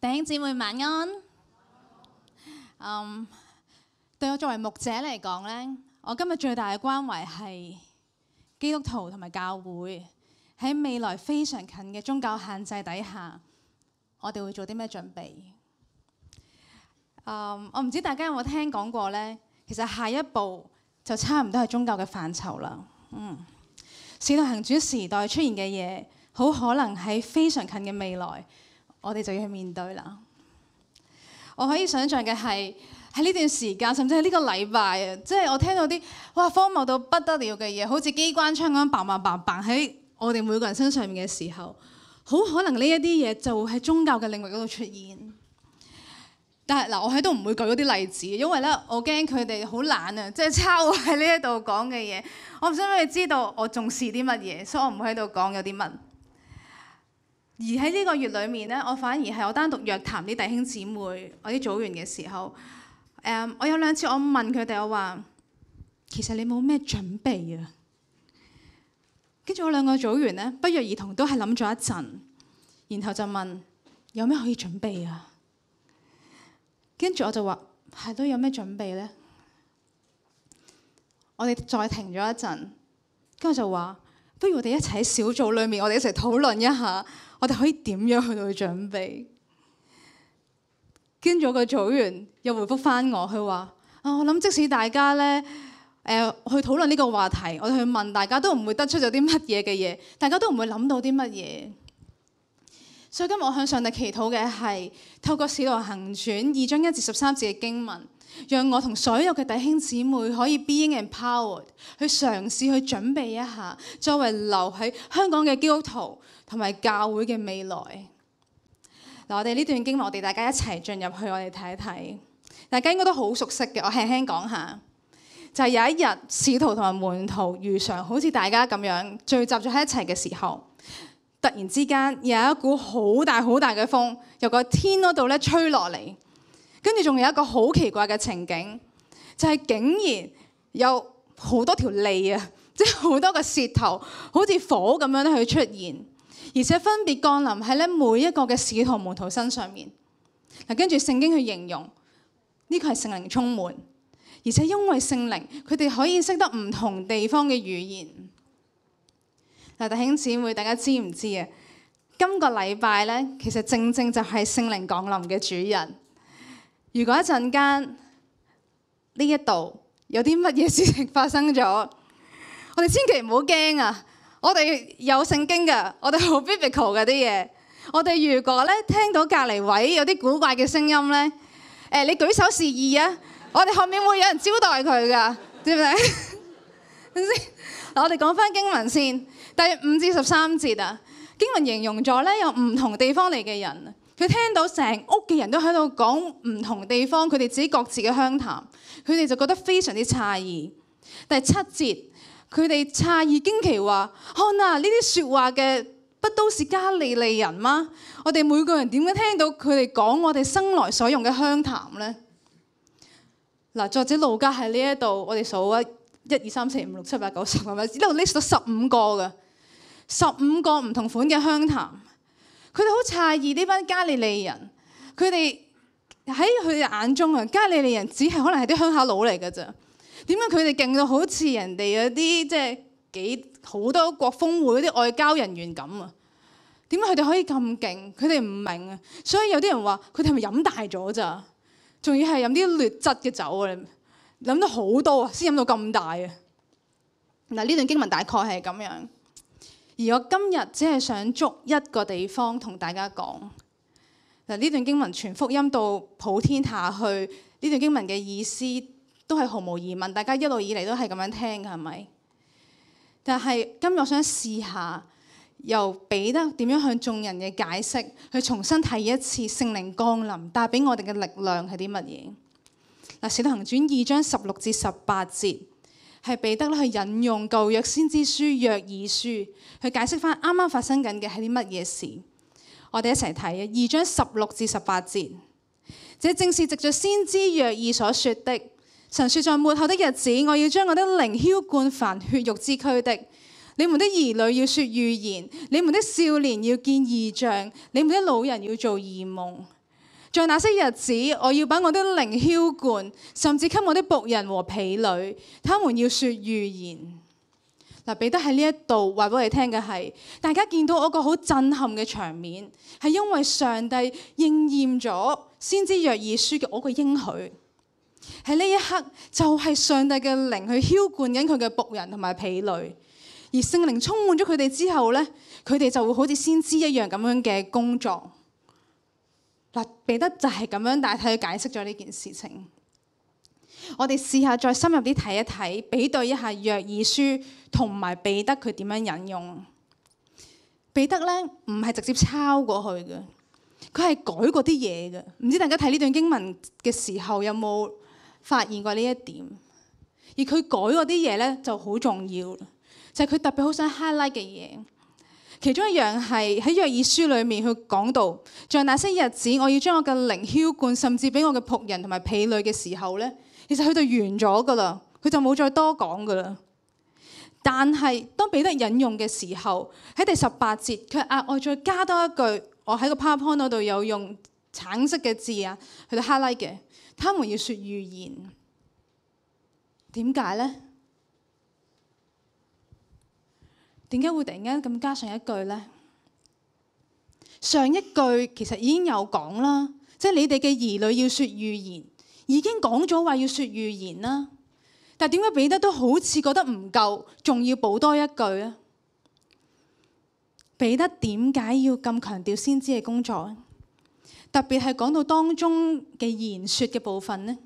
弟兄姊妹晚安。嗯、um，對我作為牧者嚟講咧，我今日最大嘅關懷係基督徒同埋教會喺未來非常近嘅宗教限制底下，我哋會做啲咩準備？Um, 我唔知大家有冇聽講過咧，其實下一步就差唔多係宗教嘅範疇啦。嗯，使徒行傳時代出現嘅嘢，好可能喺非常近嘅未來。我哋就要去面對啦。我可以想象嘅係喺呢段時間，甚至喺呢個禮拜啊，即係我聽到啲哇荒謬到不得了嘅嘢，好似機關槍咁嘭嘭嘭嘭喺我哋每個人身上面嘅時候，好可能呢一啲嘢就喺宗教嘅領域嗰度出現。但係嗱，我喺度唔會舉嗰啲例子，因為咧我驚佢哋好懶啊，即係抄喺呢一度講嘅嘢。我唔想佢哋知道我重視啲乜嘢，所以我唔會喺度講有啲乜。而喺呢個月裏面咧，我反而係我單獨約談啲弟兄姊妹，我啲組員嘅時候，誒、um，我有兩次我問佢哋，我話其實你冇咩準備啊。跟住我兩個組員咧，不約而同都係諗咗一陣，然後就問有咩可以準備啊。跟住我就話係都有咩準備咧？我哋再停咗一陣，跟住就話不如我哋一齊喺小組裏面，我哋一齊討論一下。我哋可以點樣去到去準備？捐咗個組員又回覆返我，佢話：啊、哦，我諗即使大家咧，誒、呃、去討論呢個話題，我哋去問大家都唔會得出咗啲乜嘢嘅嘢，大家都唔會諗到啲乜嘢。所以今日我向上帝祈禱嘅係，透過《使徒行傳》二章一至十三節嘅經文。讓我同所有嘅弟兄姊妹可以 being empowered 去嘗試去準備一下，作為留喺香港嘅基督徒同埋教會嘅未來。嗱，我哋呢段經文，我哋大家一齊進入去，我哋睇一睇。大家應該都好熟悉嘅，我輕輕講下，就係、是、有一日，使徒同埋門徒如常好似大家咁樣聚集咗喺一齊嘅時候，突然之間有一股好大好大嘅風由個天嗰度咧吹落嚟。跟住仲有一個好奇怪嘅情景，就係竟然有好多條脷啊，即係好多個舌頭，好似火咁樣去出現，而且分別降臨喺咧每一個嘅使徒門徒身上面。嗱，跟住聖經去形容呢個係聖靈充滿，而且因為聖靈，佢哋可以識得唔同地方嘅語言。嗱，弟兄姊妹，大家知唔知啊？今個禮拜咧，其實正正就係聖靈降臨嘅主人。如果一陣間呢一度有啲乜嘢事情發生咗，我哋千祈唔好驚啊！我哋有聖經噶，我哋好 biblical 噶啲嘢。我哋如果咧聽到隔離位有啲古怪嘅聲音咧，誒、欸、你舉手示意啊！我哋後面會有人招待佢噶，知唔知？嗱，我哋講返經文先，第五至十三節啊。經文形容咗咧有唔同地方嚟嘅人。佢聽到成屋嘅人都喺度講唔同地方佢哋自己各自嘅鄉談，佢哋就覺得非常之詫異。第七節，佢哋詫異驚奇 ana，話：看啊，呢啲説話嘅不都是加利利人嗎？我哋每個人點解聽到佢哋講我哋生來所用嘅鄉談呢？」嗱，作者路加喺呢一度，我哋數啊一、二、三、四、五、六、七、八、九、十，係咪一路 list 到十五個嘅？十五個唔同款嘅鄉談。佢哋好詫異呢班加利利人，佢哋喺佢哋眼中啊，加利利人只係可能係啲鄉下佬嚟嘅咋。點解佢哋勁到好似人哋嗰啲即係幾好多國峯會嗰啲外交人員咁啊？點解佢哋可以咁勁？佢哋唔明啊！所以有啲人話：佢哋係咪飲大咗咋？仲要係飲啲劣質嘅酒啊！諗到好多啊，先飲到咁大啊！嗱，呢段經文大概係咁樣。而我今日只係想捉一個地方同大家講嗱，呢段經文全福音到普天下去，呢段經文嘅意思都係毫無疑問，大家一路以嚟都係咁樣聽嘅係咪？但係今日我想試下，由彼得點樣向眾人嘅解釋，去重新睇一次聖靈降臨帶俾我哋嘅力量係啲乜嘢？嗱，《使徒行傳》二章十六至十八節。係彼得去引用舊約先知書約珥書，去解釋翻啱啱發生緊嘅係啲乜嘢事。我哋一齊睇啊，二章十六至十八節，這正是藉著先知約珥所說的。神說：在末後的日子，我要將我的靈澆灌凡血肉之軀的，你們的兒女要說預言，你們的少年要見異象，你們的老人要做異夢。在那些日子，我要把我的靈澆灌，甚至給我的僕人和婢女，他們要說預言。嗱，彼得喺呢一度話俾我哋聽嘅係，大家見到我個好震撼嘅場面，係因為上帝應驗咗先知約珥書嘅我個應許。喺呢一刻，就係、是、上帝嘅靈去澆灌緊佢嘅僕人同埋婢女，而聖靈充滿咗佢哋之後呢，佢哋就會好似先知一樣咁樣嘅工作。嗱，彼得就係咁樣，大體去解釋咗呢件事情。我哋試下再深入啲睇一睇，比對一下約珥書同埋彼得佢點樣引用。彼得咧，唔係直接抄過去嘅，佢係改過啲嘢嘅。唔知大家睇呢段經文嘅時候有冇發現過呢一點？而佢改嗰啲嘢咧，就好重要，就係佢特別好想 highlight 嘅嘢。其中一樣係喺約珥書裏面佢講到，在那些日子我要將我嘅靈澆灌，甚至俾我嘅僕人同埋婢女嘅時候咧，其實佢到完咗噶啦，佢就冇再多講噶啦。但係當彼得引用嘅時候，喺第十八節卻額外再加多一句，我喺個 PowerPoint 嗰度有用橙色嘅字啊，佢都 highlight 嘅，他們要説預言，點解咧？點解會突然間咁加上一句呢？上一句其實已經有講啦，即係你哋嘅兒女要說預言，已經講咗話要說預言啦。但係點解彼得都好似覺得唔夠，仲要補多一句咧？彼得點解要咁強調先知嘅工作？特別係講到當中嘅言説嘅部分呢。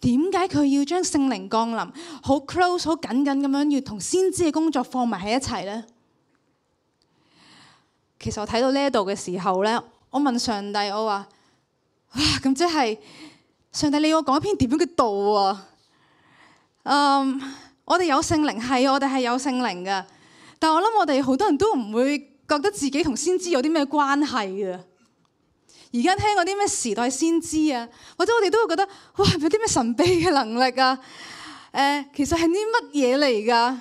點解佢要將聖靈降臨好 close 好緊緊咁樣要同先知嘅工作放埋喺一齊呢？其實我睇到呢一度嘅時候咧，我問上帝，我話：哇，咁即係上帝，你要我講一篇點樣嘅道啊？Um, 我哋有聖靈，係我哋係有聖靈嘅，但我諗我哋好多人都唔會覺得自己同先知有啲咩關係嘅。而家聽嗰啲咩時代先知啊，或者我哋都會覺得哇，係咪有啲咩神秘嘅能力啊？誒、呃，其實係啲乜嘢嚟㗎？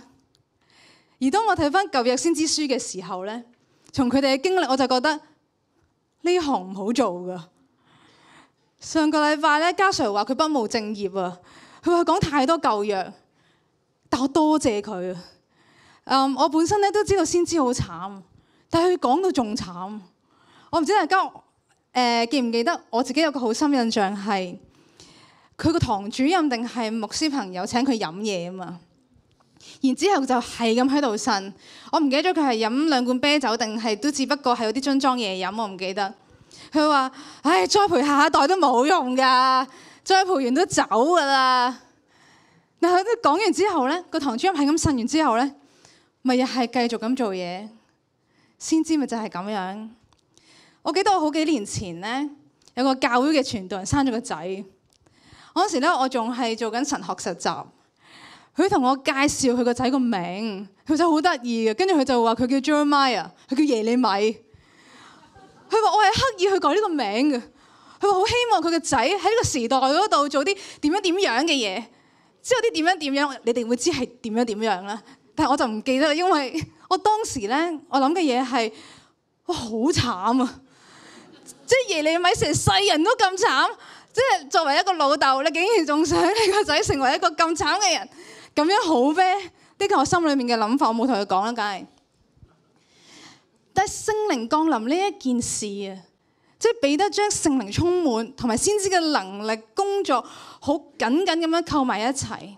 而當我睇翻舊約先知書嘅時候咧，從佢哋嘅經歷，我就覺得呢行唔好做噶。上個禮拜咧，家 sir 話佢不務正業啊，佢話佢講太多舊約，但我多謝佢啊。嗯，我本身咧都知道先知好慘，但係佢講到仲慘，我唔知大家。誒，記唔記得我自己有個好深印象，係佢個堂主任定係牧師朋友請佢飲嘢啊嘛，然之後就係咁喺度呻。我唔記得咗佢係飲兩罐啤酒定係都只不過係嗰啲樽裝嘢飲，我唔記得。佢話，唉，栽培下一代都冇用噶，栽培完都走噶啦。但係佢都講完之後咧，個堂主任係咁呻完之後咧，咪又係繼續咁做嘢，先知咪就係咁樣。我記得我好幾年前咧，有個教會嘅傳道人生咗個仔。嗰時咧，我仲係做緊神學實習。佢同我介紹佢個仔個名，佢就好得意嘅。跟住佢就話佢叫 Jeremiah，佢叫耶利米。佢話我係刻意去改呢個名嘅。佢話好希望佢個仔喺呢個時代嗰度做啲點樣點樣嘅嘢。之後啲點樣點樣，你哋會知係點樣點樣啦。但係我就唔記得啦，因為我當時咧，我諗嘅嘢係哇好慘啊！即係你咪成世人都咁慘，即係作為一個老豆，你竟然仲想你個仔成為一個咁慘嘅人，咁樣好咩？呢個，我心裏面嘅諗法，我冇同佢講啦，梗係。但係聖靈降臨呢一件事啊，即係彼得將聖靈充滿，同埋先知嘅能力工作好緊緊咁樣扣埋一齊，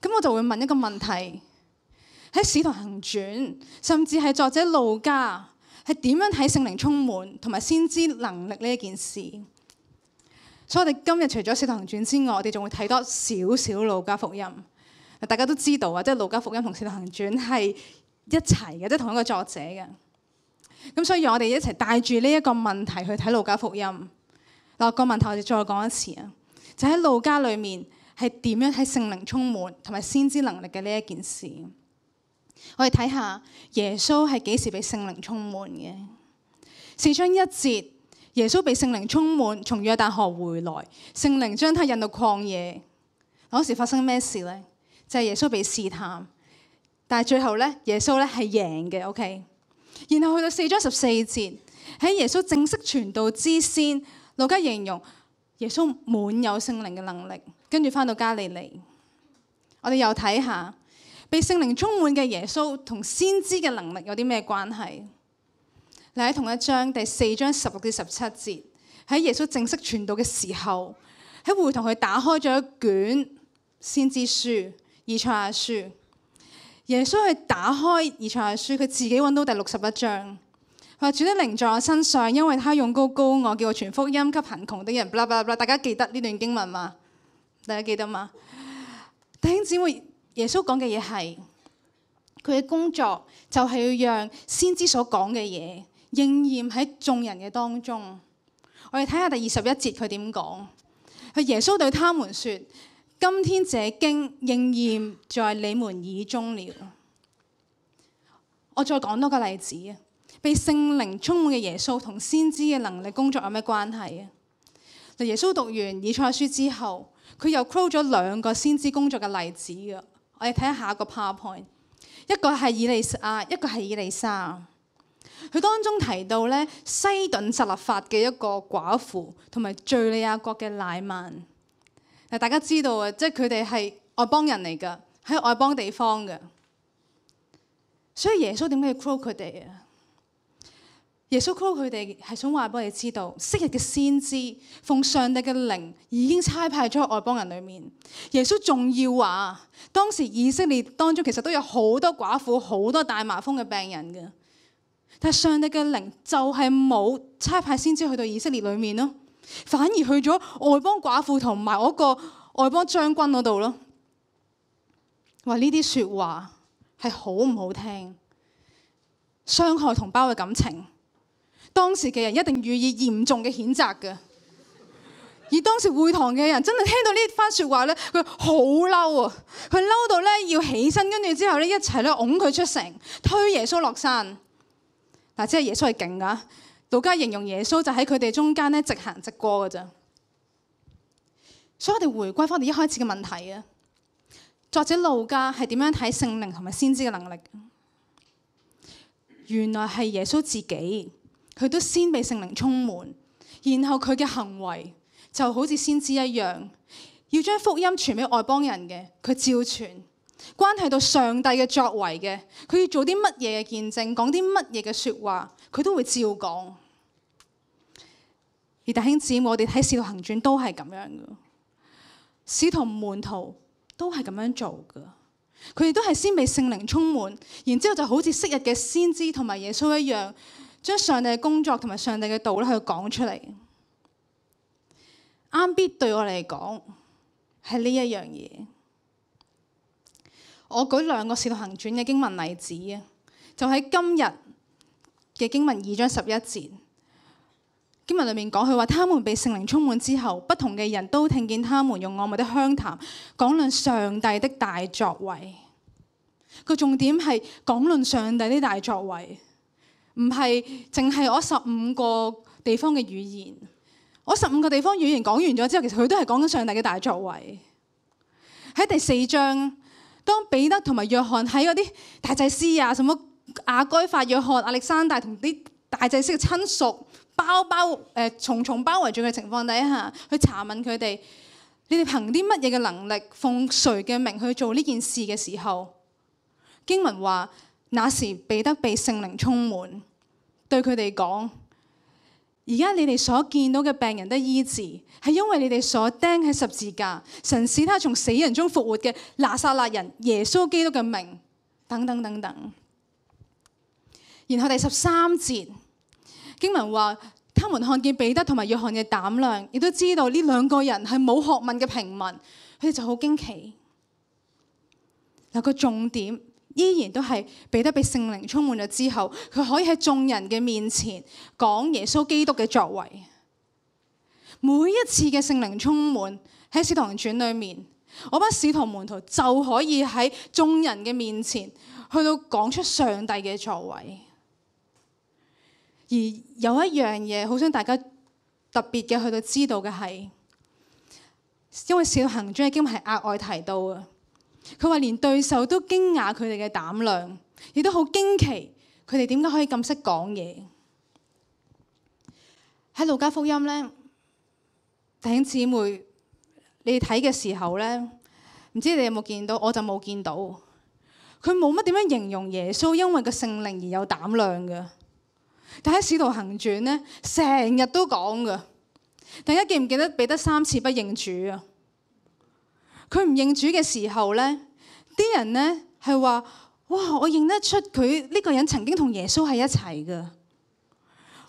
咁我就會問一個問題：喺使徒行傳，甚至係作者路加，係點樣睇聖靈充滿同埋先知能力呢一件事？所以我哋今日除咗《使徒行傳》之外，我哋仲會睇多少少《路加福音》。大家都知道啊，即係《路加福音》同《使徒行傳》係一齊嘅，即同一個作者嘅。咁所以，我哋一齊帶住呢一個問題去睇《路加福音》。嗱、那個問題我哋再講一次啊，就喺、是《路加》裡面係點樣睇聖靈充滿同埋先知能力嘅呢一件事？我哋睇下耶穌係幾時被聖靈充滿嘅？四章一節，耶穌被聖靈充滿，從約旦河回來，聖靈將他引到曠野。嗰時發生咩事呢？就係、是、耶穌被試探，但係最後咧，耶穌咧係贏嘅。OK，然後去到四章十四節，喺耶穌正式傳道之先，路加形容耶穌滿有聖靈嘅能力，跟住翻到加利利，我哋又睇下。被聖靈充滿嘅耶穌同先知嘅能力有啲咩關係？嚟，喺同一章第四章十六至十七節，喺耶穌正式傳道嘅時候，喺會堂佢打開咗一卷先知書，以賽亞書。耶穌去打開以賽亞書，佢自己揾到第六十一章，話主的靈在我身上，因為他用膏膏我，叫我傳福音給貧窮的人。不不不，大家記得呢段經文嘛？大家記得嘛？弟兄姊妹。耶穌講嘅嘢係佢嘅工作，就係要讓先知所講嘅嘢應驗喺眾人嘅當中。我哋睇下第二十一節佢點講。佢耶穌對他們說：今天這經應驗在你們耳中了。我再講多個例子啊！被聖靈充滿嘅耶穌同先知嘅能力工作有咩關係啊？嗱，耶穌讀完以賽書之後，佢又 quote 咗兩個先知工作嘅例子噶。我哋睇下個 PowerPoint，一個係以利亞，一個係以利沙。佢當中提到咧西頓實立法嘅一個寡婦，同埋敘利亞國嘅乃縵。嗱，大家知道啊，即係佢哋係外邦人嚟㗎，喺外邦地方㗎。所以耶穌點解要 call 佢哋啊？耶穌 call 佢哋係想話俾我哋知道，昔日嘅先知奉上帝嘅靈已經差派咗喺外邦人裏面。耶穌仲要話，當時以色列當中其實都有好多寡婦、好多大麻風嘅病人嘅，但係上帝嘅靈就係冇差派先知去到以色列裏面咯，反而去咗外邦寡婦同埋一個外邦將軍嗰度咯。話呢啲説話係好唔好聽，傷害同胞嘅感情。當時嘅人一定予以嚴重嘅譴責嘅。而當時會堂嘅人真係聽到呢番説話咧，佢好嬲啊！佢嬲到咧要起身，跟住之後咧一齊咧擁佢出城，推耶穌落山。嗱，即係耶穌係勁噶。路加形容耶穌就喺佢哋中間咧，直行直過嘅咋，所以我哋回歸翻我哋一開始嘅問題啊，作者路加係點樣睇聖靈同埋先知嘅能力？原來係耶穌自己。佢都先被聖靈充滿，然後佢嘅行為就好似先知一樣，要將福音傳俾外邦人嘅，佢照傳；關係到上帝嘅作為嘅，佢要做啲乜嘢嘅見證，講啲乜嘢嘅說話，佢都會照講。而弟兄姊妹，我哋睇使徒行傳都係咁樣嘅，使徒門徒都係咁樣做嘅，佢哋都係先被聖靈充滿，然之後就好似昔日嘅先知同埋耶穌一樣。將上帝嘅工作同埋上帝嘅道咧去講出嚟。啱 beat 對我嚟講係呢一樣嘢。我舉兩個使徒行傳嘅經文例子啊，就喺今日嘅經文二章十一節，經文裏面講佢話，他們被聖靈充滿之後，不同嘅人都聽見他們用我們的鄉談講論上帝的大作為。個重點係講論上帝啲大作為。唔係淨係我十五個地方嘅語言，我十五個地方語言講完咗之後，其實佢都係講緊上帝嘅大作為。喺第四章，當彼得同埋約翰喺嗰啲大祭司啊、什麼亞該法、約翰、亞歷山大同啲大祭司嘅親屬包包誒、呃、重重包圍住嘅情況底下，去查問佢哋：你哋憑啲乜嘢嘅能力、奉誰嘅名去做呢件事嘅時候，經文話：那時彼得被聖靈充滿。對佢哋講，而家你哋所見到嘅病人得醫治，係因為你哋所釘喺十字架，神使他從死人中復活嘅拿撒勒人耶穌基督嘅名，等等等等。然後第十三節經文話，他們看見彼得同埋約翰嘅膽量，亦都知道呢兩個人係冇學問嘅平民，佢哋就好驚奇。有個重點。依然都係彼得被聖靈充滿咗之後，佢可以喺眾人嘅面前講耶穌基督嘅作為。每一次嘅聖靈充滿喺使徒行傳裏面，我班使徒門徒就可以喺眾人嘅面前去到講出上帝嘅作為。而有一樣嘢，好想大家特別嘅去到知道嘅，係因為使徒行傳已經係額外提到啊。佢話連對手都驚訝佢哋嘅膽量，亦都好驚奇佢哋點解可以咁識講嘢。喺路加福音咧，弟兄姊妹，你睇嘅時候咧，唔知你有冇見到，我就冇見到。佢冇乜點樣形容耶穌因為個聖靈而有膽量嘅，但喺使徒行傳咧，成日都講嘅。大家記唔記得彼得三次不認主啊？佢唔認主嘅時候呢，啲人呢係話：哇！我認得出佢呢個人曾經同耶穌喺一齊嘅。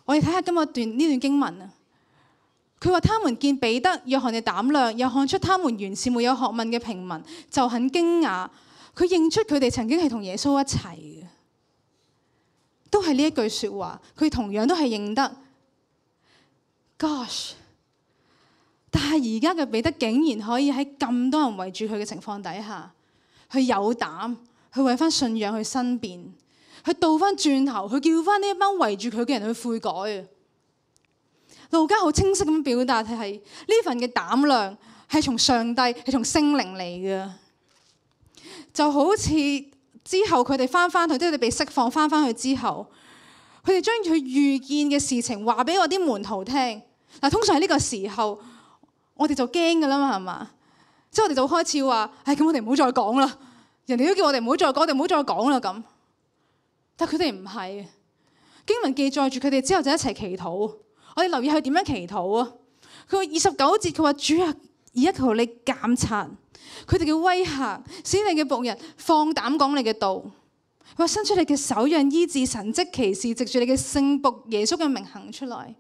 我哋睇下今日段呢段經文啊。佢話：他們見彼得、約翰嘅膽量，又看出他們原是沒有學問嘅平民，就很驚訝。佢認出佢哋曾經係同耶穌一齊嘅，都係呢一句説話。佢同樣都係認得。Gosh！但係而家嘅彼得竟然可以喺咁多人圍住佢嘅情況底下，去有膽去為翻信仰去申辯，去倒翻轉頭，去叫翻呢一班圍住佢嘅人去悔改。路加好清晰咁表達係：呢份嘅膽量係從上帝，係從聖靈嚟嘅，就好似之後佢哋翻翻去，即係佢哋被釋放翻翻去之後，佢哋將佢預見嘅事情話俾我啲門徒聽嗱。但通常喺呢個時候。我哋就驚噶啦嘛，係嘛？之後我哋就開始話，唉、哎、咁我哋唔好再講啦。人哋都叫我哋唔好再講，我哋唔好再講啦咁。但係佢哋唔係經文記載住佢哋之後就一齊祈禱。我哋留意佢點樣祈禱啊？佢話二十九節佢話主啊，而家求你減殘佢哋嘅威嚇，使你嘅僕人放膽講你嘅道。佢話伸出你嘅手讓，讓醫治神蹟奇事，藉住你嘅聖僕耶穌嘅名行出來。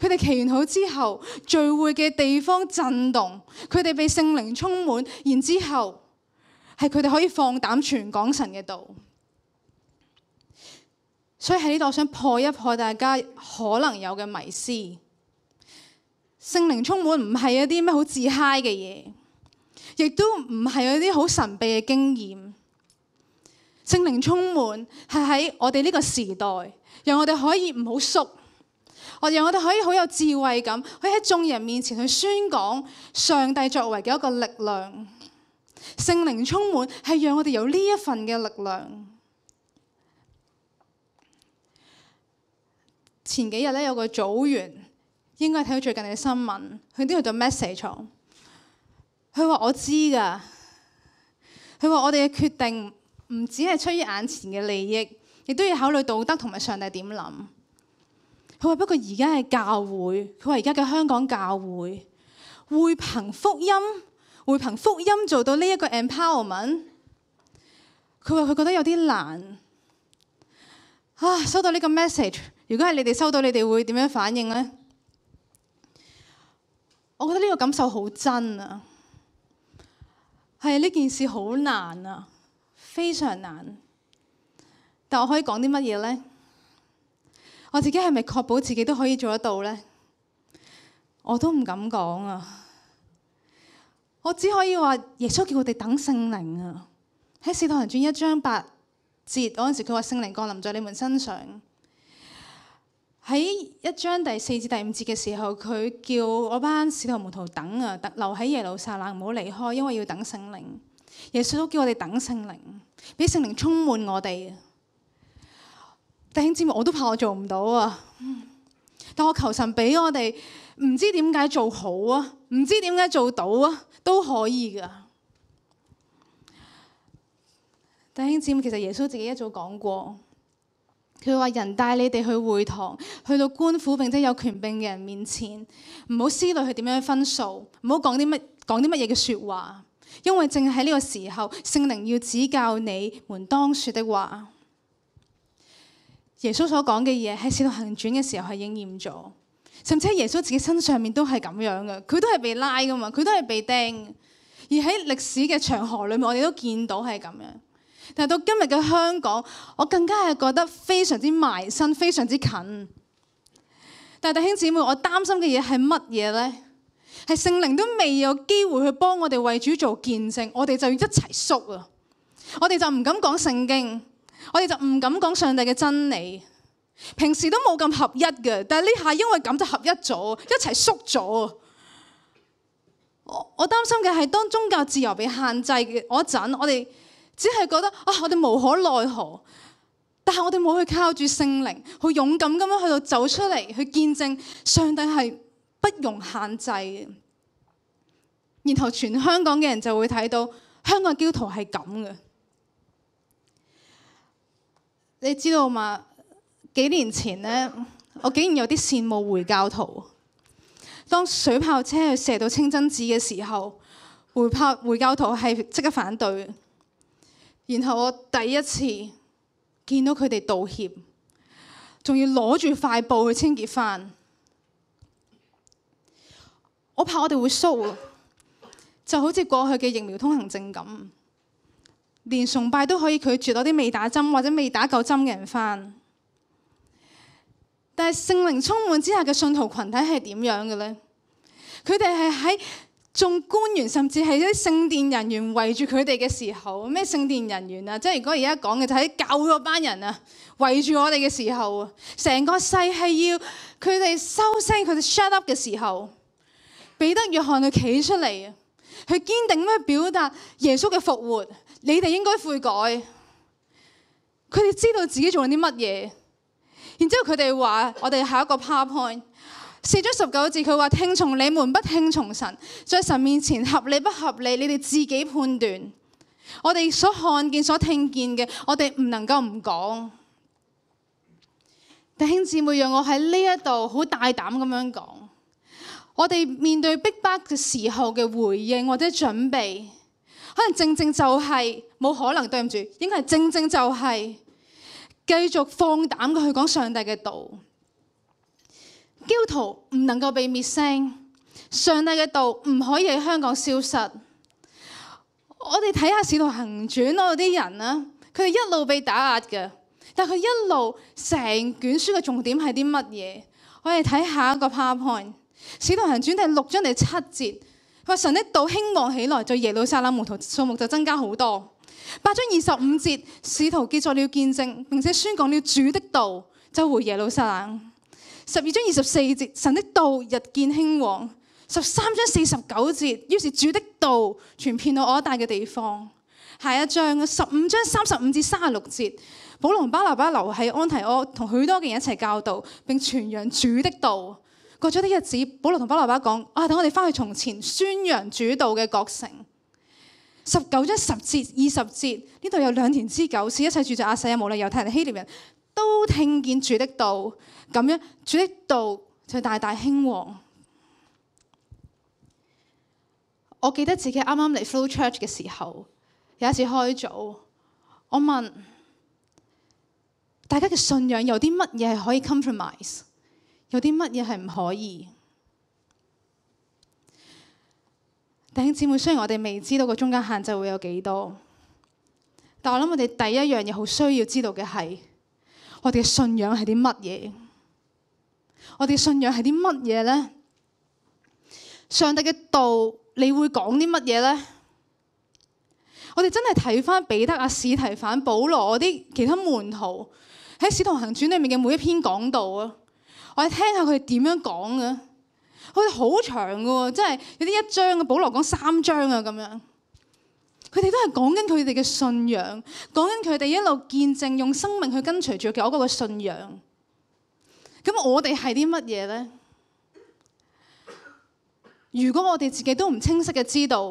佢哋祈完好之後，聚會嘅地方震動，佢哋被聖靈充滿，然之後係佢哋可以放膽傳講神嘅道。所以喺呢度，我想破一破大家可能有嘅迷思：聖靈充滿唔係一啲咩好自嗨嘅嘢，亦都唔係一啲好神秘嘅經驗。聖靈充滿係喺我哋呢個時代，讓我哋可以唔好縮。我讓我哋可以好有智慧咁，可以喺眾人面前去宣講上帝作為嘅一個力量。聖靈充滿係讓我哋有呢一份嘅力量。前幾日咧有個組員，應該睇到最近嘅新聞，佢都佢就 message 我，佢話我知噶。佢話我哋嘅決定唔只係出於眼前嘅利益，亦都要考慮道德同埋上帝點諗。佢話：不過而家係教會，佢話而家嘅香港教會會憑福音，會憑福音做到呢一個 empowerment。佢話佢覺得有啲難。啊，收到呢個 message，如果係你哋收到，你哋會點樣反應呢？我覺得呢個感受好真啊，係呢件事好難啊，非常難。但我可以講啲乜嘢呢？我自己係咪確保自己都可以做得到呢？我都唔敢講啊！我只可以話耶穌叫我哋等聖靈啊！喺《使徒行傳》一章八節嗰陣時，佢話聖靈降臨在你們身上。喺一章第四至第五節嘅時候，佢叫我班使徒門徒等啊，留喺耶路撒冷，唔好離開，因為要等聖靈。耶穌都叫我哋等聖靈，俾聖靈充滿我哋。弟兄姊妹，我都怕我做唔到啊，嗯，但我求神俾我哋唔知點解做好啊，唔知點解做到啊，都可以㗎。弟兄姊妹，其實耶穌自己一早講過，佢話人帶你哋去會堂，去到官府並且有權柄嘅人面前，唔好思慮去點樣分訴，唔好講啲乜講啲乜嘢嘅說，說話，因為正喺呢個時候，聖靈要指教你們當說的話。耶穌所講嘅嘢喺使徒行傳嘅時候係應驗咗，甚至係耶穌自己身上面都係咁樣嘅，佢都係被拉㗎嘛，佢都係被釘。而喺歷史嘅長河裏面，我哋都見到係咁樣。但係到今日嘅香港，我更加係覺得非常之埋身，非常之近。但弟兄姊妹，我擔心嘅嘢係乜嘢呢？係聖靈都未有機會去幫我哋為主做見證，我哋就要一齊縮啊！我哋就唔敢講聖經。我哋就唔敢講上帝嘅真理，平時都冇咁合一嘅，但係呢下因為咁就合一咗，一齊縮咗。我我擔心嘅係當宗教自由被限制嘅嗰陣，我哋只係覺得啊，我哋無可奈何，但係我哋冇去靠住聖靈，好勇敢咁樣去到走出嚟去見證上帝係不容限制嘅。然後全香港嘅人就會睇到香港嘅基督徒係咁嘅。你知道嘛？幾年前呢，我竟然有啲羨慕回教徒。當水炮車去射到清真寺嘅時候，回炮回教徒係即刻反對。然後我第一次見到佢哋道歉，仲要攞住塊布去清潔翻。我怕我哋會縮，就好似過去嘅疫苗通行證咁。連崇拜都可以拒絕到啲未打針或者未打夠針嘅人返。但係聖靈充滿之下嘅信徒群體係點樣嘅咧？佢哋係喺眾官員甚至係一啲聖殿人員圍住佢哋嘅時候，咩聖殿人員啊，即係如果而家講嘅就係教會嗰班人啊，圍住我哋嘅時候，成個世係要佢哋收聲，佢哋 shut up 嘅時候，彼得、約翰佢企出嚟啊，佢堅定咁去表達耶穌嘅復活。你哋應該悔改，佢哋知道自己做緊啲乜嘢，然之後佢哋話：我哋係一個 power point，四章十九節，佢話聽從你們不聽從神，在神面前合理不合理，你哋自己判斷。我哋所看見、所聽見嘅，我哋唔能夠唔講。弟兄姊妹，讓我喺呢一度好大膽咁樣講，我哋面對逼迫嘅時候嘅回應或者準備。可能正正就係、是、冇可能對唔住，應該係正正就係、是、繼續放膽嘅去講上帝嘅道。基督徒唔能夠被滅聲，上帝嘅道唔可以喺香港消失。我哋睇下《使徒行傳》嗰啲人啊，佢哋一路被打壓嘅，但佢一路成卷書嘅重點係啲乜嘢？我哋睇下一個 power point，《使徒行傳》第六章第七節。佢話神的道興旺起來，在耶路撒冷門徒數目就增加好多。八章二十五節，使徒記載了見證，並且宣講了主的道，就回耶路撒冷。十二章二十四節，神的道日見興旺。十三章四十九節，於是主的道傳遍到我一帶嘅地方。下一章十五章三十五至三十六節，保羅巴拿巴留喺安提阿，同許多嘅人一齊教導，並傳揚主的道。過咗啲日子，保羅同巴拿巴講：啊，等我哋翻去從前宣揚主道嘅各城。十九章十節、二十節，呢度有兩年之久，使一切住在亞細亞，無論猶太人、希臘人都聽見主的道，咁樣主的道就大大興旺。我記得自己啱啱嚟 flow church 嘅時候，有一次開組，我問大家嘅信仰有啲乜嘢係可以 compromise？有啲乜嘢係唔可以？弟兄姊妹，雖然我哋未知道個中間限制會有幾多，但我諗我哋第一樣嘢，好需要知道嘅，係我哋嘅信仰係啲乜嘢？我哋嘅信仰係啲乜嘢咧？上帝嘅道，你會講啲乜嘢咧？我哋真係睇翻彼得啊、史提反、保羅嗰啲其他門徒喺《使徒行傳》裏面嘅每一篇講道啊。我哋聽下佢哋點樣講嘅，佢哋好長嘅，即係有啲一章嘅，保羅講三章啊咁樣。佢哋都係講緊佢哋嘅信仰，講緊佢哋一路見證，用生命去跟隨住嗰個嘅信仰。咁我哋係啲乜嘢呢？如果我哋自己都唔清晰嘅知道，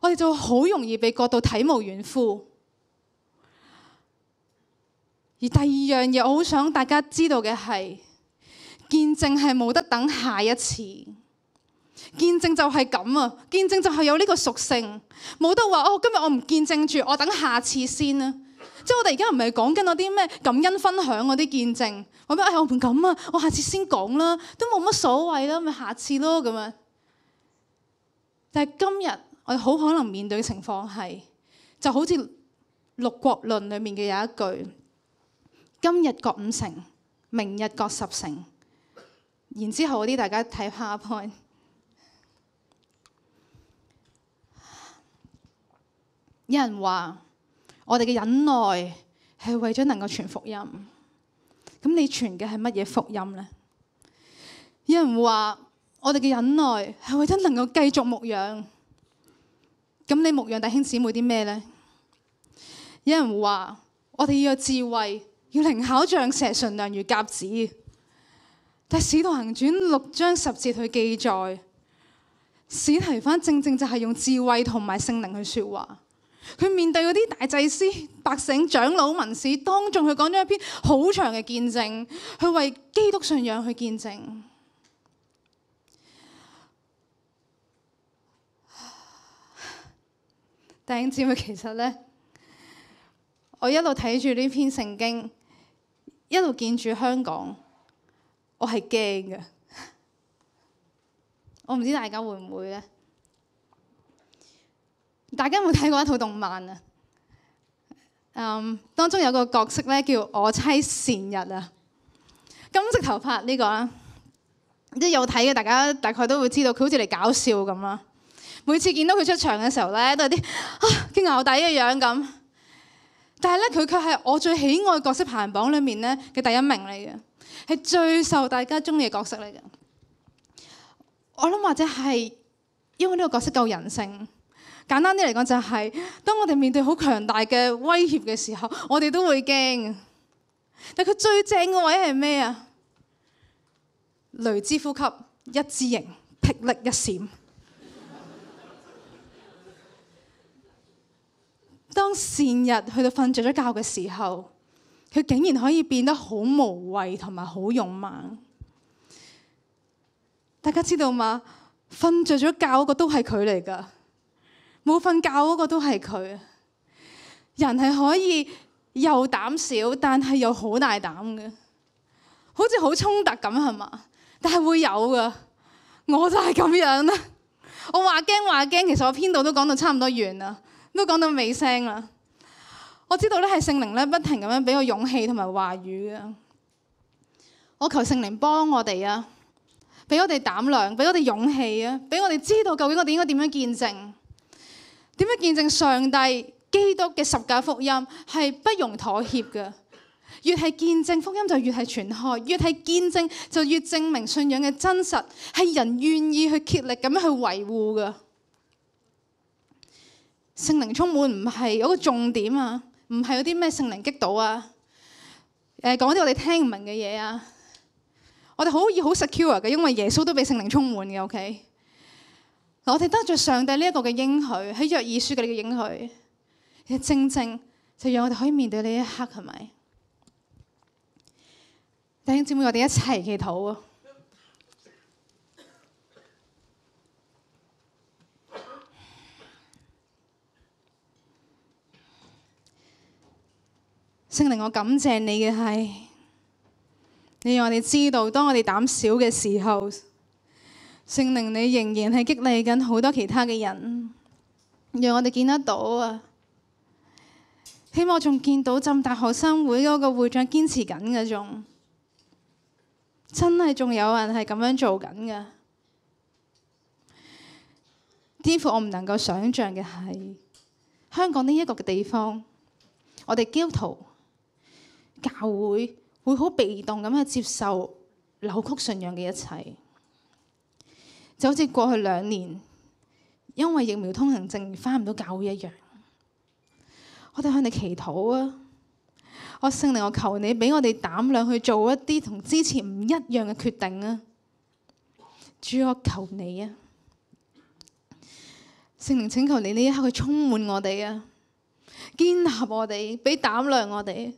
我哋就會好容易被割到體無完膚。而第二樣嘢，我好想大家知道嘅係。見證係冇得等下一次，見證就係咁啊！見證就係有呢個屬性，冇得話哦，今日我唔見證住，我等下次先啊。即係我哋而家唔係講緊我啲咩感恩分享嗰啲見證，我覺得哎我唔敢啊！我下次先講啦，都冇乜所謂啦，啊，咪下次咯咁樣。但係今日我哋好可能面對嘅情況係就好似《六國論》裡面嘅有一句：今日割五城，明日割十城。然之後嗰啲大家睇下。PowerPoint 有人話我哋嘅忍耐係為咗能夠傳福音，咁你傳嘅係乜嘢福音呢？有人話我哋嘅忍耐係為咗能夠繼續牧養，咁你牧養弟兄姊妹啲咩呢？有人話我哋要有智慧，要靈巧像蛇，純良如鴿子。但係《使徒行傳》六章十節去記載，史提芬正正就係用智慧同埋聖靈去說話。佢面對嗰啲大祭司、百姓、長老、文士，當眾去講咗一篇好長嘅見證，去為基督信仰去見證。大家知其實呢，我一路睇住呢篇聖經，一路見住香港。我係驚㗎， 我唔知大家會唔會咧？大家有冇睇過一套動漫啊？嗯、um，當中有個角色咧，叫我妻善逸啊，金色頭髮呢個啊，啲有睇嘅大家大概都會知道，佢好似嚟搞笑咁啦。每次見到佢出場嘅時候咧，都係啲啊，啲牛底嘅樣咁。但係咧，佢卻係我最喜愛角色排行榜裏面咧嘅第一名嚟嘅。係最受大家中意嘅角色嚟嘅，我諗或者係因為呢個角色夠人性。簡單啲嚟講就係，當我哋面對好強大嘅威脅嘅時候，我哋都會驚。但佢最正嘅位係咩啊？雷之呼吸，一之型，霹靂一閃。當善逸去到瞓着咗覺嘅時候。佢竟然可以變得好無畏同埋好勇猛，大家知道嘛？瞓着咗覺嗰個都係佢嚟噶，冇瞓覺嗰個都係佢。人係可以又膽小，但係又好大膽嘅，好似好衝突咁係嘛？但係會有噶，我就係咁樣啦。 我話驚話驚，其實我編度都講到差唔多完啦，都講到尾聲啦。我知道咧，係聖靈咧不停咁樣俾我勇氣同埋話語嘅。我求聖靈幫我哋啊，俾我哋膽量，俾我哋勇氣啊，俾我哋知道究竟我哋應該點樣見證，點樣見證上帝基督嘅十架福音係不容妥協噶。越係見證福音就越係傳開，越係見證就越證明信仰嘅真實係人願意去竭力咁樣去維護噶。聖靈充滿唔係有個重點啊！唔係有啲咩聖靈激到啊！誒講啲我哋聽唔明嘅嘢啊！我哋好易好 secure 嘅，因為耶穌都俾聖靈充滿嘅，OK。我哋得着上帝呢一個嘅應許，喺約珥書嘅呢個應許，正正就讓我哋可以面對呢一刻，係咪？弟兄姊妹，我哋一齊祈禱啊。聖靈，聖靈，我感謝你嘅係，你讓我哋知道，當我哋膽小嘅時候，聖靈你仍然係激勵緊好多其他嘅人，讓我哋見得到啊！希望仲見到浸大學生會嗰個會長堅持緊嗰種，真係仲有人係咁樣做緊嘅，幾乎我唔能夠想象嘅係香港呢一個嘅地方，我哋基督徒。教會會好被動咁去接受扭曲信仰嘅一切，就好似過去兩年因為疫苗通行證翻唔到教會一樣。我哋向你祈禱啊！我聖靈，我求你俾我哋膽量去做一啲同之前唔一樣嘅決定啊！主我求你啊！聖靈請求你呢一刻，去充滿我哋啊堅我，堅合我哋，俾膽量我哋。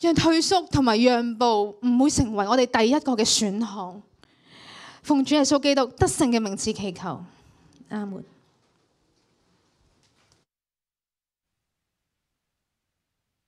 讓退縮同埋讓步唔會成為我哋第一個嘅選項。奉主耶穌基督得勝嘅名字祈求，阿門。